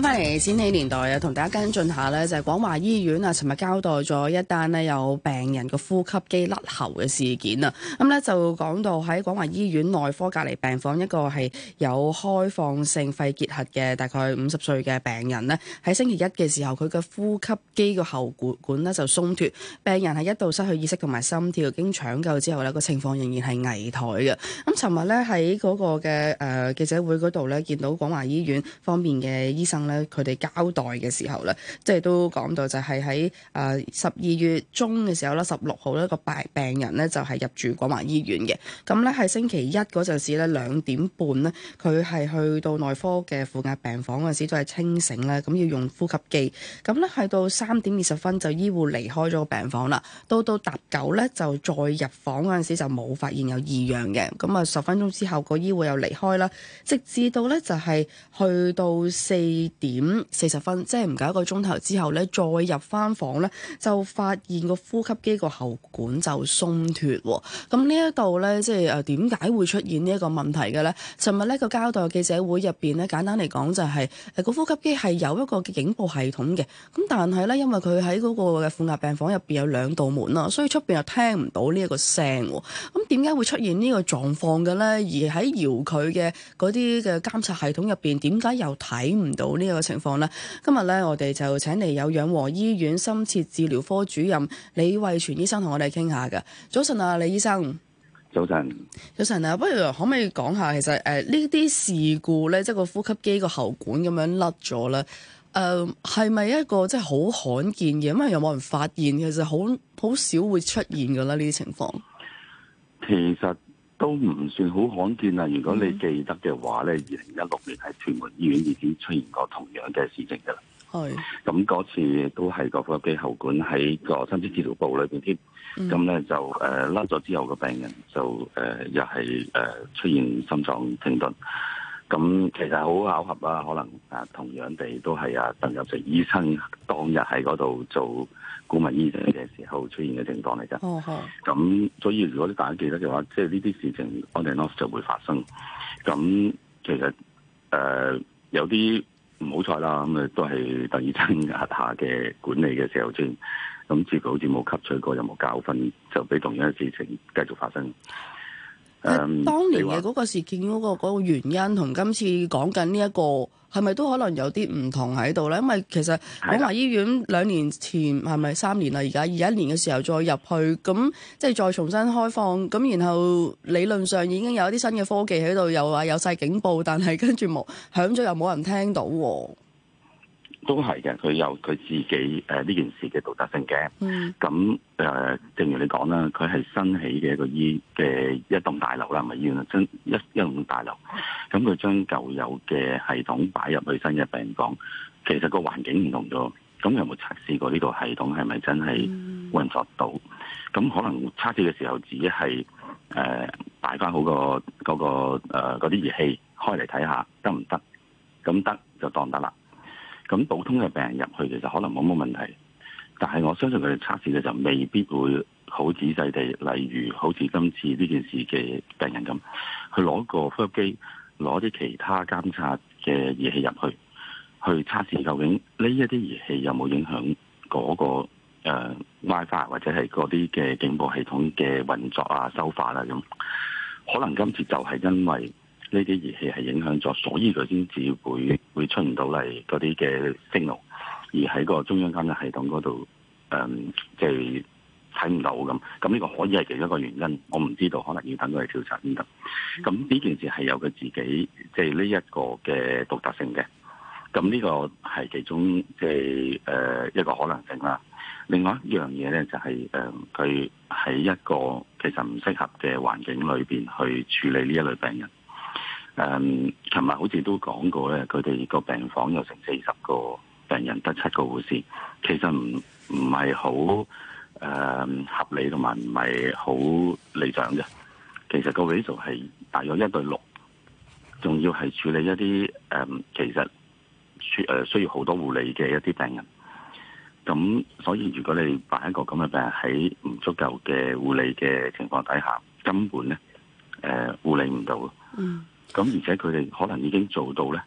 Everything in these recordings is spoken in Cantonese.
翻翻嚟《千禧年代》啊，同大家跟進下呢。就係、是、廣華醫院啊，尋日交代咗一單呢有病人個呼吸機甩喉嘅事件啊。咁、嗯、呢，就講到喺廣華醫院內科隔離病房一個係有開放性肺結核嘅大概五十歲嘅病人呢，喺星期一嘅時候，佢嘅呼吸機個喉管管呢就鬆脫，病人係一度失去意識同埋心跳，經搶救之後呢個情況仍然係危殆嘅。咁尋日呢，喺嗰個嘅誒、呃、記者會嗰度呢，見到廣華醫院方面嘅醫生。佢哋交代嘅時候咧，即係都講到就係喺誒十二月中嘅時候啦，十六號咧個病病人咧就係入住廣華醫院嘅。咁咧係星期一嗰陣時咧兩點半咧，佢係去到內科嘅負壓病房嗰陣時都係清醒啦，咁要用呼吸機。咁咧係到三點二十分就醫護離開咗病房啦。到到達九咧就再入房嗰陣時就冇發現有異樣嘅。咁啊十分鐘之後、個醫護又離開啦，直至到咧就係去到四點四十分，即係唔夠一個鐘頭之後咧，再入翻房咧，就發現個呼吸機個喉管就鬆脫。咁呢一度咧，即係誒，點解會出現呢一個問題嘅咧？尋日呢個交代記者會入邊咧，簡單嚟講就係，誒，個呼吸機係有一個警報系統嘅。咁但係咧，因為佢喺嗰個嘅負壓病房入邊有兩道門啊，所以出邊又聽唔到呢一個聲。咁點解會出現呢個狀況嘅咧？而喺搖佢嘅嗰啲嘅監察系統入邊，點解又睇唔到呢？呢個情況咧，今日呢，我哋就請嚟有養和醫院深切治療科主任李衛全醫生同我哋傾下嘅。早晨啊，李醫生，早晨。早晨啊，不如可唔可以講下，其實誒呢啲事故呢，即係個呼吸機個喉管咁樣甩咗啦，誒係咪一個即係好罕見嘅？因為有冇人發現？其實好好少會出現噶啦呢啲情況。其實。都唔算好罕見啊！如果你記得嘅話咧，二零一六年喺屯門醫院已經出現過同樣嘅事情噶啦。係咁嗰次都係個呼吸機喉管喺個深切治療部裏邊添，咁咧、嗯、就誒甩咗之後個病人就誒、呃、又係誒、呃、出現心臟停頓。咁其實好巧合啦、啊，可能啊同樣地都係啊鄧有成醫生當日喺嗰度做。顧問醫生嘅時候出現嘅情況嚟噶，咁、哦、所以如果你大家記得嘅話，即係呢啲事情，on and off 就會發生。咁其實誒、呃、有啲唔好彩啦，咁誒都係第二次壓下嘅管理嘅時候先，咁似乎好似冇吸取過任何教訓，就俾同樣嘅事情繼續發生。誒、呃，當年嘅嗰個事件嗰、嗰個嗰、嗰個原因，同今次講緊呢一個。係咪都可能有啲唔同喺度呢？因為其實廣華醫院兩年前係咪三年啦？而家二一年嘅時候再入去，咁即係再重新開放，咁然後理論上已經有一啲新嘅科技喺度，又話有晒警報，但係跟住冇響咗，又冇人聽到喎。都係嘅，佢有佢自己誒呢件事嘅道德性嘅。咁誒、mm. 嗯，正如你講啦，佢係新起嘅個醫嘅一棟大樓啦，咪醫院啊？將一一棟大樓，咁佢將舊有嘅系統擺入去新嘅病房，其實個環境唔同咗，咁有冇測試過呢個系統係咪真係運作到？咁、mm. 可能測試嘅時候，自己係誒、呃、擺翻好、個嗰個、誒嗰啲儀器，開嚟睇下得唔得？咁得就當得啦。咁普通嘅病人入去，其實可能冇乜問題，但係我相信佢哋測試嘅就未必會好仔細地，例如好似今次呢件事嘅病人咁，去攞個呼吸機，攞啲其他監察嘅儀器入去，去測試究竟呢一啲儀器有冇影響嗰、嗰個誒、呃、WiFi 或者係嗰啲嘅警報系統嘅運作啊、收法啦咁，可能今次就係因為。呢啲儀器係影響咗，所以佢先至會會出唔到嚟嗰啲嘅聲浪，而喺個中央監察系統嗰度，誒即係睇唔到咁。咁呢個可以係其中一個原因，我唔知道，可能要等佢去調查先得。咁呢件事係有佢自己即係呢一個嘅獨特性嘅。咁呢個係其中即係誒一個可能性啦。另外一樣嘢咧就係誒佢喺一個其實唔適合嘅環境裏面去處理呢一類病人。誒，琴日、嗯、好似都講過咧，佢哋個病房有成四十個病人，得七個護士，其實唔唔係好誒合理同埋唔係好理想嘅。其實個比數係大約一對六，仲要係處理一啲誒、嗯，其實誒需要好多護理嘅一啲病人。咁所以如果你擺一個咁嘅病人喺唔足夠嘅護理嘅情況底下，根本咧誒、呃、護理唔到。嗯咁、嗯、而且佢哋可能已經做到咧，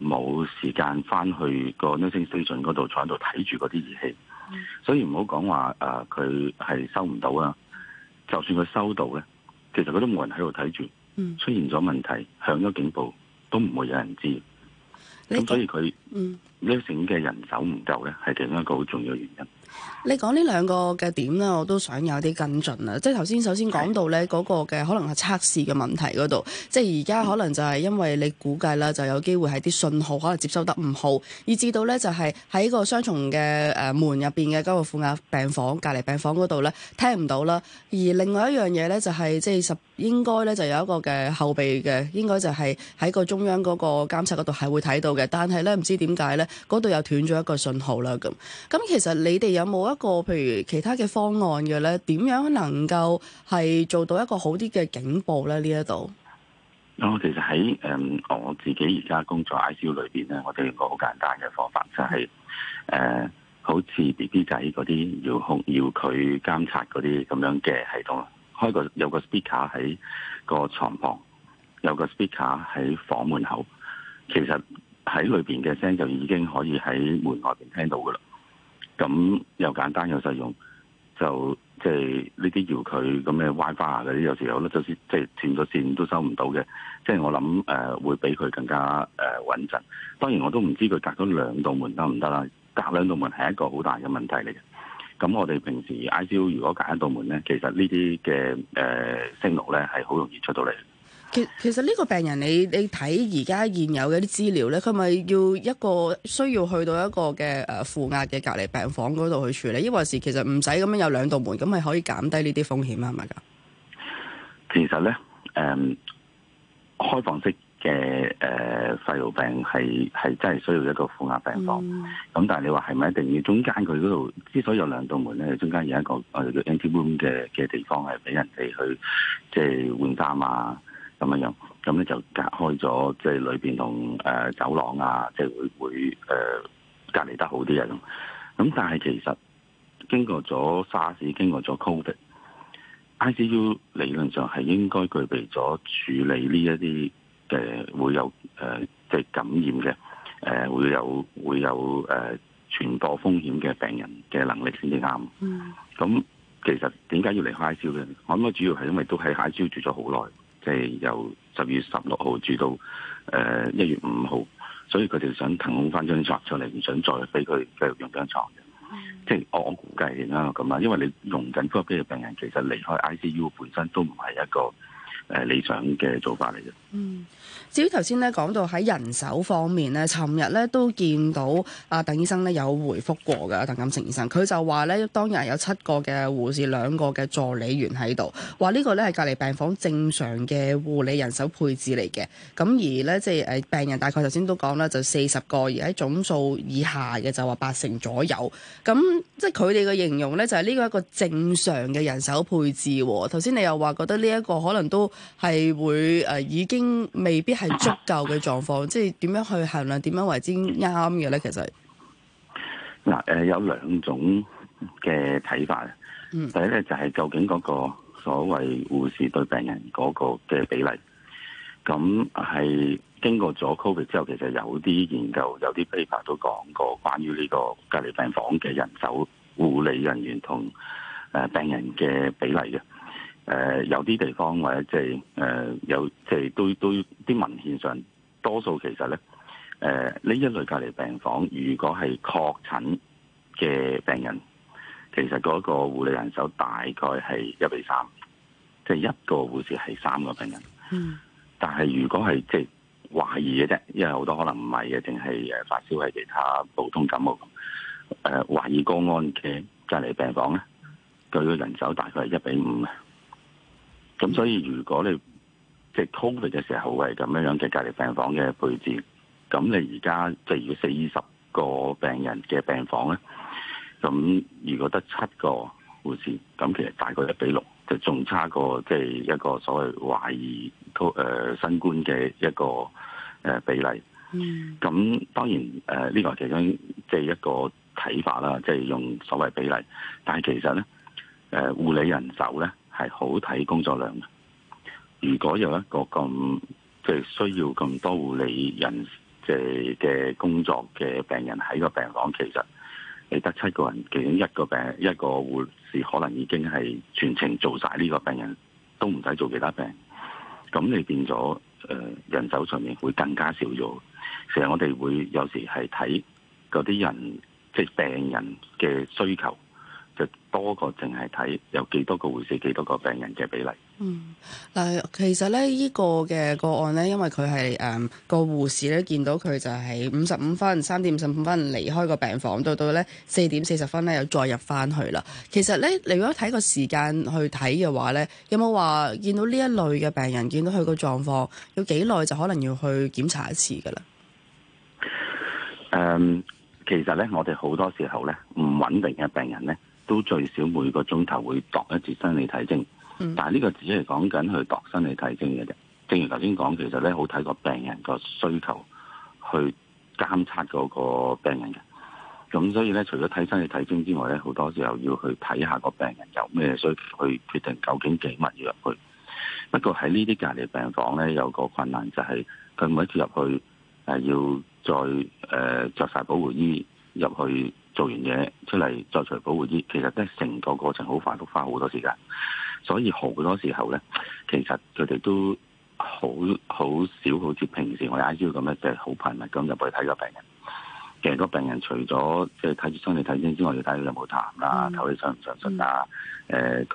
冇時間翻去個 nursing station 嗰度坐喺度睇住嗰啲儀器，嗯、所以唔好講話誒佢係收唔到啊！就算佢收到咧，其實佢都冇人喺度睇住，嗯、出現咗問題響咗警報都唔會有人知。咁做所以佢 nursing 嘅人手唔夠咧，係其中一個好重要原因。你講呢兩個嘅點咧，我都想有啲跟進啦。即係頭先，首先講到咧嗰個嘅可能係測試嘅問題嗰度，即係而家可能就係因為你估計啦，就有機會係啲信號可能接收得唔好，以至到咧就係喺個雙重嘅誒門入邊嘅嗰個負壓病房隔離病房嗰度咧聽唔到啦。而另外一樣嘢咧就係、是、即係十應該咧就有一個嘅後備嘅，應該就係喺個中央嗰個監測嗰度係會睇到嘅。但係咧唔知點解咧，嗰度又斷咗一個信號啦。咁咁其實你哋有有冇一個譬如其他嘅方案嘅咧？點樣能夠係做到一個好啲嘅警報咧？呢一度，咁其實喺誒、嗯、我自己而家工作 I C U 裏邊咧，我都有個好簡單嘅方法，就係、是、誒、呃，好似 B B 仔嗰啲要控要佢監察嗰啲咁樣嘅系統，開個有個 speaker 喺個床旁，有個 speaker 喺房, spe 房門口，其實喺裏邊嘅聲就已經可以喺門外邊聽到噶啦。咁又簡單又實用，就即係呢啲遙距咁嘅 WiFi 嗰啲，有時候咧就算即係斷咗線都收唔到嘅。即係我諗誒會比佢更加誒穩陣。當然我都唔知佢隔咗兩道門得唔得啦？隔兩道門係一個好大嘅問題嚟嘅。咁我哋平時 I C U 如果隔一道門咧，其實呢啲嘅誒聲浪咧係好容易出到嚟。其其實呢個病人，你你睇而家現有嘅啲資料咧，佢咪要一個需要去到一個嘅誒負壓嘅隔離病房嗰度去處理？抑或是其實唔使咁樣有兩道門，咁咪可以減低呢啲風險啊？係咪㗎？其實咧，誒、嗯、開放式嘅誒肺癆病係係真係需要一個負壓病房。咁、嗯、但係你話係咪一定要中間佢嗰度之所以有兩道門咧，中間有一個我哋叫 anteroom 嘅嘅地方係俾人哋去即係換衫啊？咁樣咁咧就隔開咗，即係裏面同誒、呃、走廊啊，即、就、係、是、會會誒、呃、隔離得好啲啊咁。咁但係其實經過咗沙士，經過咗 Covid，ICU 理論上係應該具備咗處理呢一啲嘅會有即係、呃就是、感染嘅、呃、會有會有誒傳播風險嘅病人嘅能力先至啱。咁、嗯、其實點解要離開 I C U 嘅？我諗主要係因為都喺 I C U 住咗好耐。即係由十月十六號住到誒一月五號，所以佢哋想騰空翻張牀出嚟，唔想再俾佢繼續用張牀。即係我我估計啦咁啦，因為你用緊呼吸機嘅病人，其實離開 I C U 本身都唔係一個誒理想嘅做法嚟嘅。嗯，至於頭先咧講到喺人手方面咧，尋日咧都見到阿鄧醫生咧有回覆過嘅，鄧錦成醫生，佢就話咧當日有七個嘅護士，兩個嘅助理員喺度，話呢個咧係隔離病房正常嘅護理人手配置嚟嘅。咁而咧即係誒病人大概頭先都講啦，就四十個而喺總數以下嘅，就話八成左右。咁即係佢哋嘅形容咧，就係、是、呢個一個正常嘅人手配置喎。哦、頭先你又話覺得呢一個可能都係會誒、呃、已經。未必係足夠嘅狀況，即係點樣去衡量？點樣為之啱嘅咧？其實嗱、嗯，誒、呃、有兩種嘅睇法。第一咧就係、是、究竟嗰個所謂護士對病人嗰個嘅比例，咁係經過咗 Covid 之後，其實有啲研究、有啲 paper 都講過關於呢個隔離病房嘅人手護理人員同誒病人嘅比例嘅。誒、uh, 有啲地方或者即係誒有即係都都啲文獻上，多數其實咧，誒、uh, 呢一類隔離病房，如果係確診嘅病人，其實嗰個護理人手大概係一比三，即係一個護士係三個病人。嗯。Mm. 但係如果係即係懷疑嘅啫，因為好多可能唔係嘅，淨係誒發燒係其他普通感冒，誒、uh, 懷疑個案嘅隔離病房咧，佢個、mm. 人手大概係一比五嘅。咁所以，如果你即係 COVID 嘅時候係咁樣樣嘅隔離病房嘅配置，咁你而家即係要四十個病人嘅病房咧，咁如果得七個護士，咁其實大概一比六，就仲差過即係一個所謂懷疑誒新冠嘅一個誒比例。咁當然誒呢個其中即係一個睇法啦，即係用所謂比例，但係其實咧誒護理人手咧，係好睇工作量嘅。如果有一個咁即係需要咁多護理人即係嘅工作嘅病人喺個病房，其實你得七個人，其中一個病一個護士可能已經係全程做晒呢個病人，都唔使做其他病。咁你變咗誒、呃，人手上面會更加少咗。成日我哋會有時係睇嗰啲人即係、就是、病人嘅需求。多過淨係睇有幾多個護士，幾多個病人嘅比例。嗯，嗱，其實咧呢個嘅個案咧，因為佢係誒個護士咧見到佢就係五十五分三點五十五分離開個病房，到到咧四點四十分咧又再入翻去啦。其實咧，你如果睇個時間去睇嘅話咧，有冇話見到呢一類嘅病人，見到佢個狀況要幾耐就可能要去檢查一次噶啦？誒、嗯，其實咧，我哋好多時候咧唔穩定嘅病人咧。都最少每個鐘頭會度一次生理體徵，嗯、但係呢個只係講緊去度生理體徵嘅啫。正如頭先講，其實咧好睇個病人個需求去監測嗰個病人嘅。咁所以咧，除咗睇生理體徵之外咧，好多時候要去睇下個病人有咩需要去決定究竟幾乜要入去。不過喺呢啲隔離病房咧，有個困難就係佢每一次入去，係要再誒著曬保護衣。入去做完嘢出嚟，再除保護衣，其實都係成個過程好繁複，花好多時間。所以好多時候咧，其實佢哋都好好少，好似平時我哋 ICU 咁咧，即係好頻密咁入去睇個病人。其實個病人除咗即係睇住身嚟睇先之外，要、就、睇、是、有冇痰啦，睇你上唔上術啊。佢、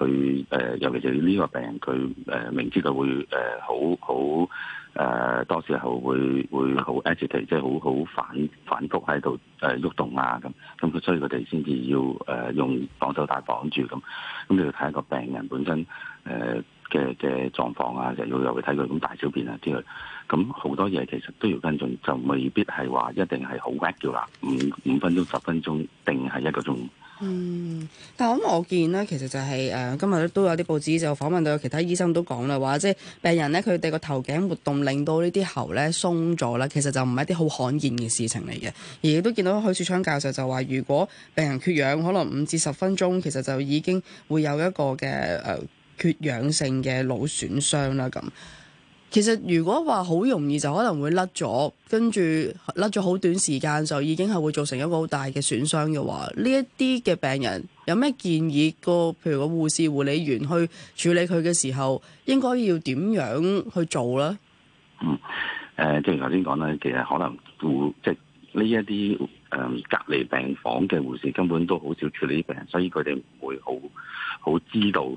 嗯呃尤、呃、尤其是呢個病人，佢、呃、明知佢會好好。呃誒、呃、多時候會會好 active 即係好好反反覆喺度誒喐動啊咁，咁佢所以佢哋先至要誒、呃、用綁手帶綁住咁，咁你要睇個病人本身誒嘅嘅狀況啊，又要又要睇佢咁大小便啊之類，咁好多嘢其實都要跟進，就未必係話一定係好 quick 啦，五五分鐘、十分鐘定係一個鐘。嗯，但係我咁我見呢其實就係誒，今日都有啲報紙就訪問到有其他醫生都講啦，話即係病人咧，佢哋個頭頸活動令到呢啲喉咧鬆咗啦，其實就唔係一啲好罕見嘅事情嚟嘅。而亦都見到許樹昌教授就話，如果病人缺氧，可能五至十分鐘，其實就已經會有一個嘅誒，缺氧性嘅腦損傷啦咁。其實如果話好容易就可能會甩咗，跟住甩咗好短時間就已經係會造成一個好大嘅損傷嘅話，呢一啲嘅病人有咩建議？個譬如個護士、護理員去處理佢嘅時候，應該要點樣去做呢？嗯，誒、呃，即係頭先講咧，其實可能護即係呢一啲誒隔離病房嘅護士根本都好少處理病人，所以佢哋唔會好好知道。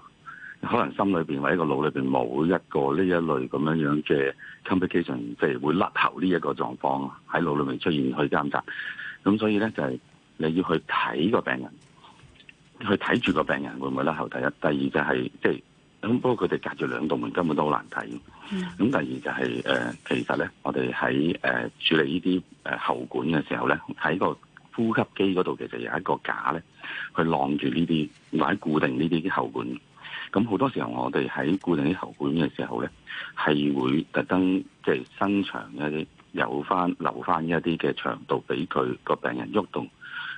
可能心裏邊或者個腦裏邊冇一個呢一類咁樣樣嘅 complication，即係會甩喉呢一個狀況喺腦裏面出現去監察。咁所以咧就係、是、你要去睇個病人，去睇住個病人會唔會甩喉。第一、第二就係即係咁。就是、不過佢哋隔住兩道門，根本都好難睇。咁第二就係、是、誒、呃，其實咧我哋喺誒處理呢啲誒喉管嘅時候咧，喺個呼吸機嗰度其實有一個架咧，去晾住呢啲或者固定呢啲喉管。咁好多時候，我哋喺固定啲喉管嘅時候咧，係會特登即係伸長一啲，有翻留翻一啲嘅長度俾佢個，個病人喐動。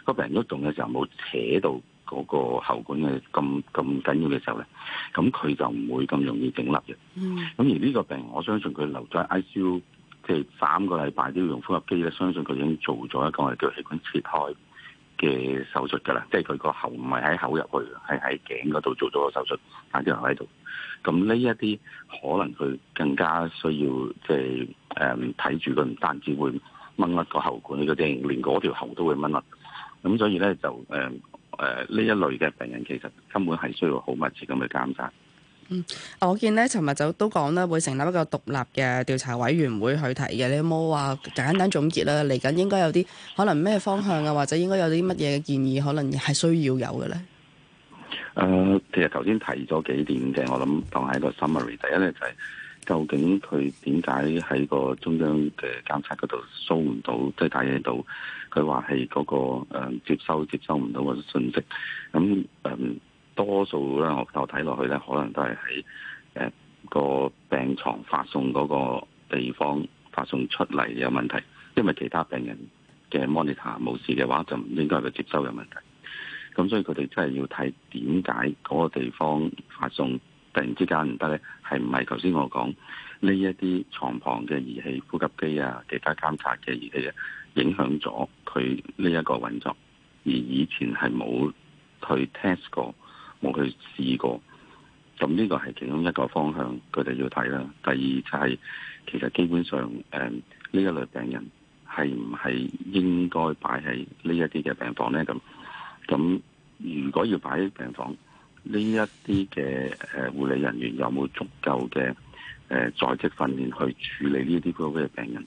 個病人喐動嘅時候冇扯到嗰個喉管嘅咁咁緊要嘅時候咧，咁佢就唔會咁容易整甩嘅。咁而呢個病，我相信佢留在 ICU，即係三個禮拜都要用呼吸機咧，相信佢已經做咗一個係叫氣管切開。嘅手術噶啦，即係佢個喉唔係喺口入去，係喺頸嗰度做咗個手術，但係仲喺度。咁呢一啲可能佢更加需要，即係誒睇住佢，唔、嗯、單止會掹甩個喉管，佢即係連嗰條喉都會掹甩。咁所以咧就誒誒呢一類嘅病人，其實根本係需要好密切咁去監察。嗯，我見咧，尋日就都講啦，會成立一個獨立嘅調查委員會去睇嘅。你有冇話簡單總結啦？嚟緊應該有啲可能咩方向啊，或者應該有啲乜嘢嘅建議，可能係需要有嘅咧？誒、呃，其實頭先提咗幾點嘅，我諗當係一個 summary。第一咧就係、是、究竟佢點解喺個中央嘅監察嗰度收唔到即係大嘢度？佢話係嗰個、嗯、接收接收唔到個信息咁誒。嗯嗯。多數咧，我睇落去咧，可能都係喺個病床發送嗰個地方發送出嚟有問題，因為其他病人嘅 monitor 冇事嘅話，就唔應該係佢接收有問題。咁所以佢哋真係要睇點解嗰個地方發送突然之間唔得咧，係唔係頭先我講呢一啲床旁嘅儀器、呼吸機啊、其他監察嘅儀器啊，影響咗佢呢一個運作，而以前係冇去 test 過。冇去試過，咁呢個係其中一個方向，佢哋要睇啦。第二就係、是、其實基本上，誒、嗯、呢一類病人係唔係應該擺喺呢一啲嘅病房呢？咁咁如果要擺喺病房，呢一啲嘅誒護理人員有冇足夠嘅誒在職訓練去處理呢啲嗰個嘅病人？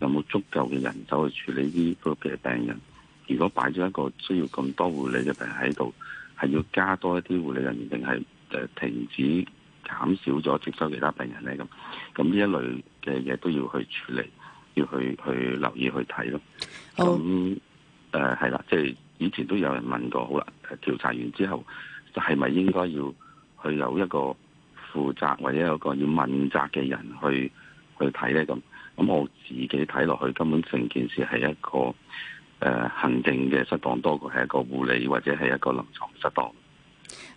有冇足夠嘅人手去處理呢啲嘅病人？如果擺咗一個需要咁多護理嘅病人喺度，係要加多一啲護理人員，定係誒停止減少咗接收其他病人咧？咁咁呢一類嘅嘢，都要去處理，要去去留意去睇咯。咁誒係啦，即係、嗯、以前都有人問過，好啦，調查完之後，係咪應該要去有一個負責，或者有一個要問責嘅人去去睇咧？咁咁我自己睇落去，根本成件事係一個。誒、呃，行政嘅失當多過係一個護理或者係一個臨床失當。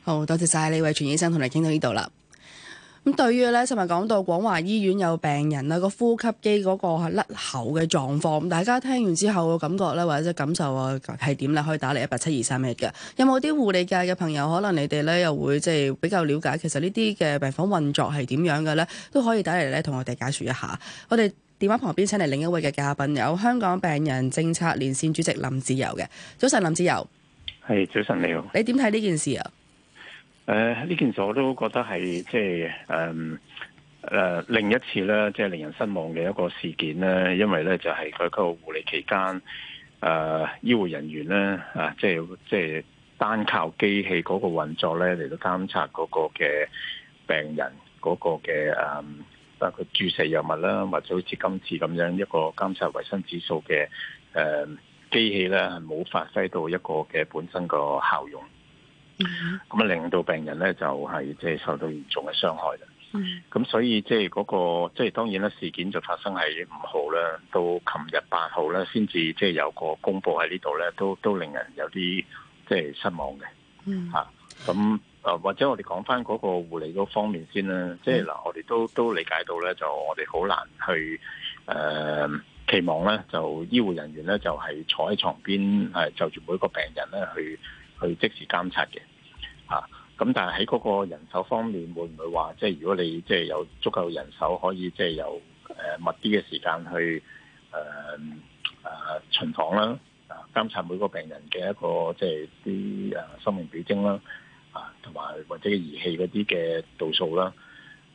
好，多謝晒李衛全醫生，同你哋傾到呢度啦。咁對於咧，尋日講到廣華醫院有病人啦，個呼吸機嗰個甩喉嘅狀況，大家聽完之後嘅感覺咧，或者感受啊，係點咧？可以打嚟，一八七二三一嘅。有冇啲護理界嘅朋友，可能你哋咧又會即係比較了解，其實呢啲嘅病房運作係點樣嘅咧，都可以打嚟咧同我哋解說一下。我哋。電話旁邊請嚟另一位嘅嘉賓，有香港病人政策連線主席林志釉嘅。早晨，林志釉，係早晨，你好。你點睇呢件事啊？誒、呃，呢件事我都覺得係即係誒誒，另一次咧，即係令人失望嘅一個事件咧，因為咧就係佢個護理期間誒、呃，醫護人員咧啊，即係即係單靠機器嗰個運作咧嚟到監察嗰個嘅病人嗰個嘅誒。呃包括注射藥物啦，或者好似今次咁樣一個監察衞生指數嘅誒機器咧，係冇發揮到一個嘅本身個效用，咁啊令到病人咧就係即係受到嚴重嘅傷害啦。咁、mm hmm. 所以即係嗰個即係當然啦，事件就發生喺五號啦，到琴日八號咧先至即係有個公佈喺呢度咧，都都令人有啲即係失望嘅嚇咁。Mm hmm. 啊或者我哋講翻嗰個護理嗰方面先啦，即係嗱，我哋都都理解到咧，就我哋好難去誒、呃、期望咧，就醫護人員咧就係、是、坐喺床邊就住每個病人咧去去即時監察嘅咁、啊、但係喺嗰個人手方面，會唔會話即係如果你即係有足夠人手，可以即係有、呃、密啲嘅時間去誒誒、呃呃、巡房啦、啊，監察每個病人嘅一個即係啲誒生命表徵啦。啊同埋或者儀器嗰啲嘅度數啦，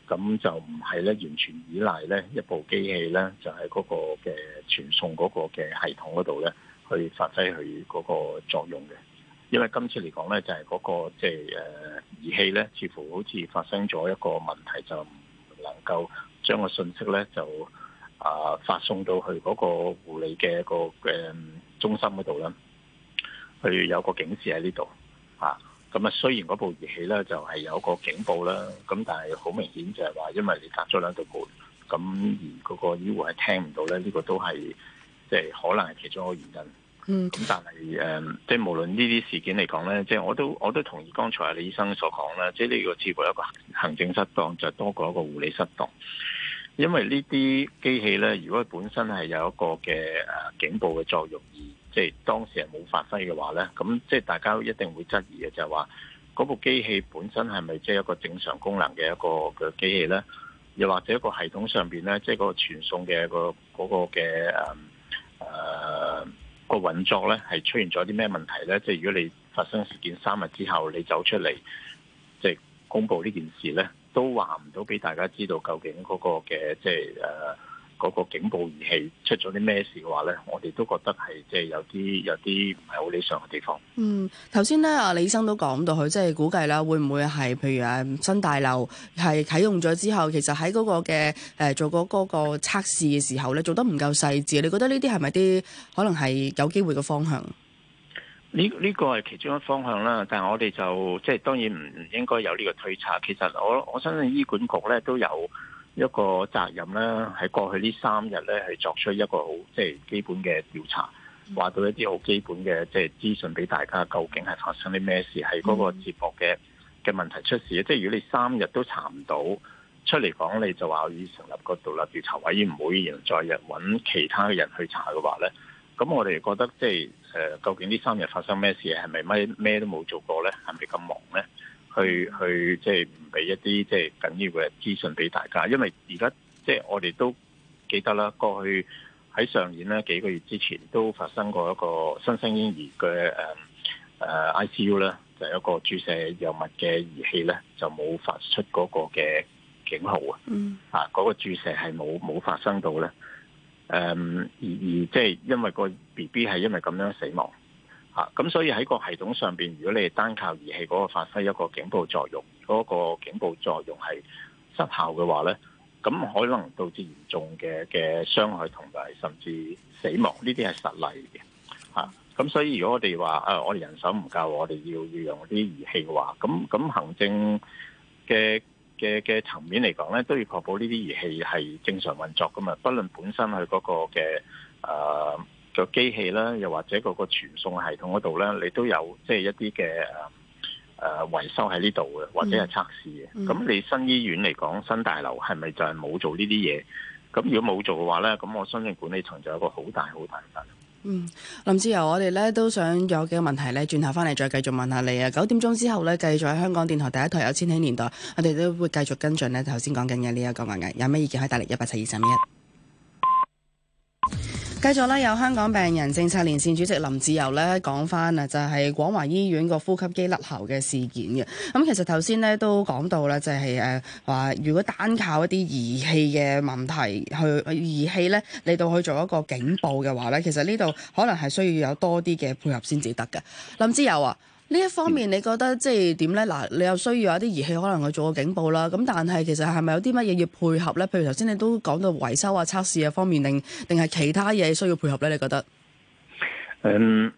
咁就唔係咧，完全依賴咧一部機器咧，就係嗰個嘅傳送嗰個嘅系統嗰度咧，去發揮佢嗰個作用嘅。因為今次嚟講咧，就係嗰個即係誒儀器咧，似乎好似發生咗一個問題，就唔能夠將個信息咧就啊發送到去嗰個護理嘅個中心嗰度啦，去有個警示喺呢度啊。咁啊，雖然嗰部儀器咧就係有一個警報啦，咁但係好明顯就係話，因為你隔咗兩道門，咁而嗰個醫護係聽唔到咧，呢個都係即係可能係其中一個原因。嗯。咁但係誒，即係無論呢啲事件嚟講咧，即係我都我都同意剛才阿李醫生所講啦，即係呢個似乎有個行政失當，就多過一個護理失當，因為呢啲機器咧，如果本身係有一個嘅誒警報嘅作用而。即係當時係冇發揮嘅話咧，咁即係大家一定會質疑嘅，就係話嗰部機器本身係咪即係一個正常功能嘅一個嘅機器咧？又或者一個系統上邊咧，即係個傳送嘅個嗰個嘅誒誒個運作咧，係出現咗啲咩問題咧？即係如果你發生事件三日之後，你走出嚟即係公布呢件事咧，都話唔到俾大家知道究竟嗰個嘅即係誒。呃嗰個警報儀器出咗啲咩事嘅話呢，我哋都覺得係即係有啲有啲唔係好理想嘅地方。嗯，頭先呢，啊，李生都講到佢即係估計啦，會唔會係譬如誒新大樓係啟用咗之後，其實喺嗰個嘅誒做嗰嗰個測試嘅時候呢，做得唔夠細緻。你覺得呢啲係咪啲可能係有機會嘅方向？呢，呢個係其中一個方向啦，但係我哋就即係當然唔應該有呢個推測。其實我我相信醫管局呢都有。一個責任咧，喺過去呢三日咧，係作出一個好即係基本嘅調查，話到一啲好基本嘅即係資訊俾大家，究竟係發生啲咩事？係嗰、嗯、個接駁嘅嘅問題出事。即係如果你三日都查唔到出嚟講，你就話我已成立個獨立調查委員會，然後再日揾其他嘅人去查嘅話咧，咁我哋覺得即係究竟呢三日發生咩事？係咪乜咩都冇做過咧？係咪咁忙咧？去去即係唔俾一啲即係緊要嘅資訊俾大家，因為而家即係我哋都記得啦，過去喺上年咧幾個月之前都發生過一個新生嬰兒嘅誒 ICU 咧，就係一個注射藥物嘅儀器咧就冇發出嗰個嘅警號啊，嗯，嗯，嗰個注射係冇冇發生到咧，誒而而即係因為個 B B 係因為咁樣死亡。啊！咁所以喺個系統上邊，如果你係單靠儀器嗰個發揮一個警報作用，嗰個警報作用係失效嘅話咧，咁可能導致嚴重嘅嘅傷害同埋甚至死亡，呢啲係實例嘅。吓咁所以如果我哋話誒我哋人手唔夠，我哋要要用啲儀器嘅話，咁咁行政嘅嘅嘅層面嚟講咧，都要確保呢啲儀器係正常運作噶嘛，不論本身佢嗰個嘅誒。呃個機器啦，又或者嗰個傳送系統嗰度咧，你都有即係、就是、一啲嘅誒誒維修喺呢度嘅，或者係測試嘅。咁、嗯嗯、你新醫院嚟講，新大樓係咪就係冇做呢啲嘢？咁如果冇做嘅話咧，咁我相信管理層就有一個好大好大嘅。嗯，林志釉，我哋咧都想有幾個問題咧，轉頭翻嚟再繼續問下你啊。九點鐘之後咧，繼續喺香港電台第一台有《千禧年代》，我哋都會繼續跟進咧頭先講緊嘅呢一個案件，有咩意見可以打嚟一八七二三一。繼續咧，有香港病人政策連線主席林志釉咧講翻啊，就係廣華醫院個呼吸機甩喉嘅事件嘅。咁其實頭先咧都講到咧，就係誒話，如果單靠一啲儀器嘅問題去儀器咧嚟到去做一個警報嘅話咧，其實呢度可能係需要有多啲嘅配合先至得嘅。林志釉啊。呢一方面，你覺得即係點呢？嗱，你又需要有啲儀器，可能去做個警報啦。咁但係其實係咪有啲乜嘢要配合呢？譬如頭先你都講到維修啊、測試啊方面，定定係其他嘢需要配合呢？你覺得？我、嗯、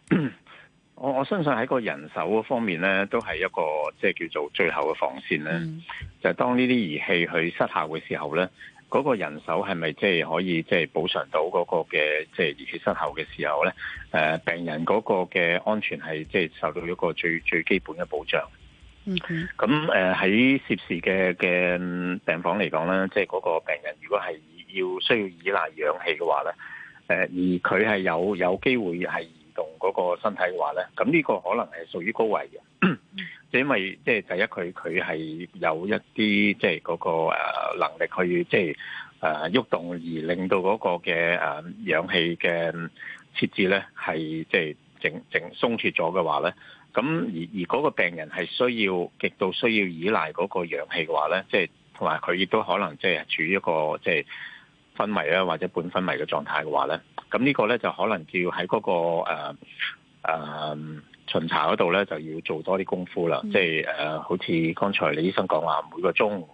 我相信喺個人手方面呢，都係一個即係、就係、叫做最後嘅防線呢。嗯、就係當呢啲儀器去失效嘅時候呢。嗰個人手係咪即係可以即係補償到嗰個嘅即係熱血失效嘅時候咧？誒，病人嗰個嘅安全係即係受到一個最最基本嘅保障。嗯哼。咁，誒喺涉事嘅嘅病房嚟講咧，即係嗰個病人如果係要需要依賴氧氣嘅話咧，誒而佢係有有機會係移動嗰個身體嘅話咧，咁呢個可能係屬於高危嘅。 因為即係第一，佢佢係有一啲即係嗰個能力去即係誒喐動，動，而令到嗰個嘅誒氧氣嘅設置咧係即係整整鬆脫咗嘅話咧，咁而而嗰個病人係需要極度需要依賴嗰個氧氣嘅話咧，即係同埋佢亦都可能即係、即係、處於一個即係、即係、昏迷啦或者半昏迷嘅狀態嘅話咧，咁呢個咧就可能叫喺嗰、嗰個誒、呃呃巡查嗰度咧就要做多啲功夫啦，即係誒，好似剛才李醫生講話每個鐘，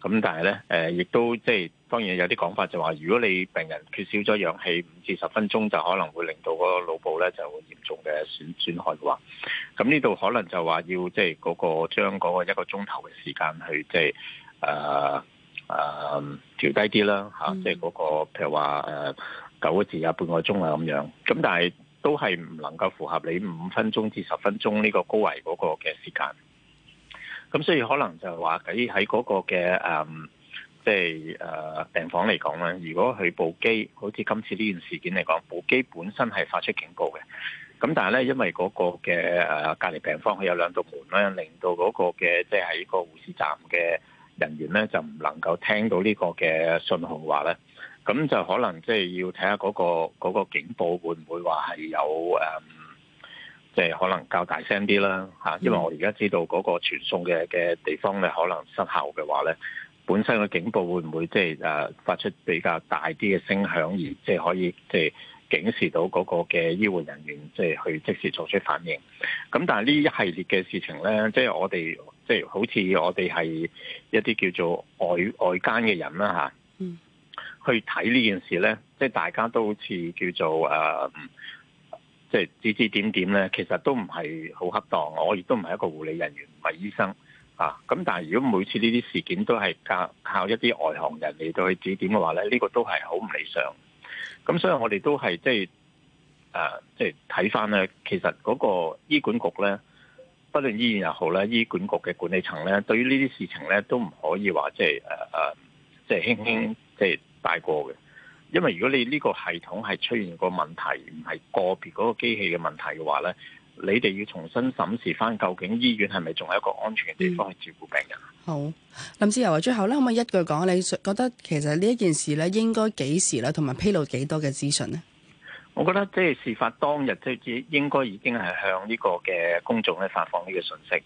咁但係咧誒，亦都即係、即係、當然有啲講法就話、是，如果你病人缺少咗氧氣五至十分鐘，就可能會令到個腦部咧就會嚴重嘅損損害嘅話，咁呢度可能就話要即係嗰個將嗰個一個鐘頭嘅時間去即係誒誒調低啲啦嚇，即係嗰個譬如話九個字啊，半個鐘啊咁樣，咁但係。都係唔能夠符合你五分鐘至十分鐘呢個高危嗰個嘅時間，咁所以可能就係話喺喺嗰個嘅誒，即係誒病房嚟講咧，如果佢部機好似今次呢件事件嚟講，部機本身係發出警告嘅，咁但係咧，因為嗰個嘅誒、啊、隔離病房佢有兩道門咧，令到嗰個嘅即係喺個護士站嘅人員咧，就唔能夠聽到呢個嘅信號的話咧。咁就可能即係要睇下嗰個嗰個警報會唔會話係有誒，即係可能較大聲啲啦吓，因為我而家知道嗰個傳送嘅嘅地方咧，可能失效嘅話咧，本身個警報會唔會即係誒發出比較大啲嘅聲響，而即係可以即係警示到嗰個嘅醫護人員，即係去即時做出反應。咁但係呢一系列嘅事情咧，即係我哋即係好似我哋係一啲叫做外外間嘅人啦吓。嗯去睇呢件事呢，即係大家都好似叫做誒，即、呃、係、就是、指指點點呢，其實都唔係好恰當。我亦都唔係一個護理人員，唔係醫生啊。咁但係如果每次呢啲事件都係靠靠一啲外行人嚟到去指點嘅話呢，呢、呢個都係好唔理想。咁所以我，我哋都係即係誒，即係睇翻呢，其實嗰個醫管局呢，不論醫院又好啦，醫管局嘅管理層呢，對於呢啲事情呢，都唔可以話即係誒即係輕輕即係。就是大過嘅，因為如果你呢個系統係出現個問題，唔係個別嗰個機器嘅問題嘅話咧，你哋要重新審視翻究竟醫院係咪仲係一個安全嘅地方去照顧病人。嗯。好，林志釉，話，最後咧可唔可以一句講，你覺得其實呢一件事咧，應該幾時咧，同埋披露幾多嘅資訊呢？我覺得即係事發當日，即係應該已經係向呢個嘅公眾咧發放呢個信息。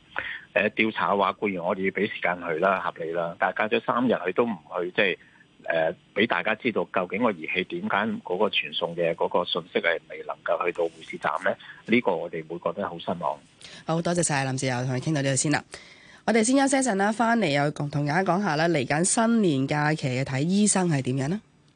誒，調查嘅話固然我哋要俾時間去啦，合理啦，但係隔咗三日佢都唔去，即係。誒、俾、呃、大家知道究竟我儀個儀器點解嗰個傳送嘅嗰個信息係未能夠去到護士站咧？呢、這個我哋會覺得好失望。好多謝晒林志釉，同你傾到呢度先啦。我哋先休息一陣啦，翻嚟又共同大家講下啦。嚟緊新年假期嘅睇醫生係點樣呢？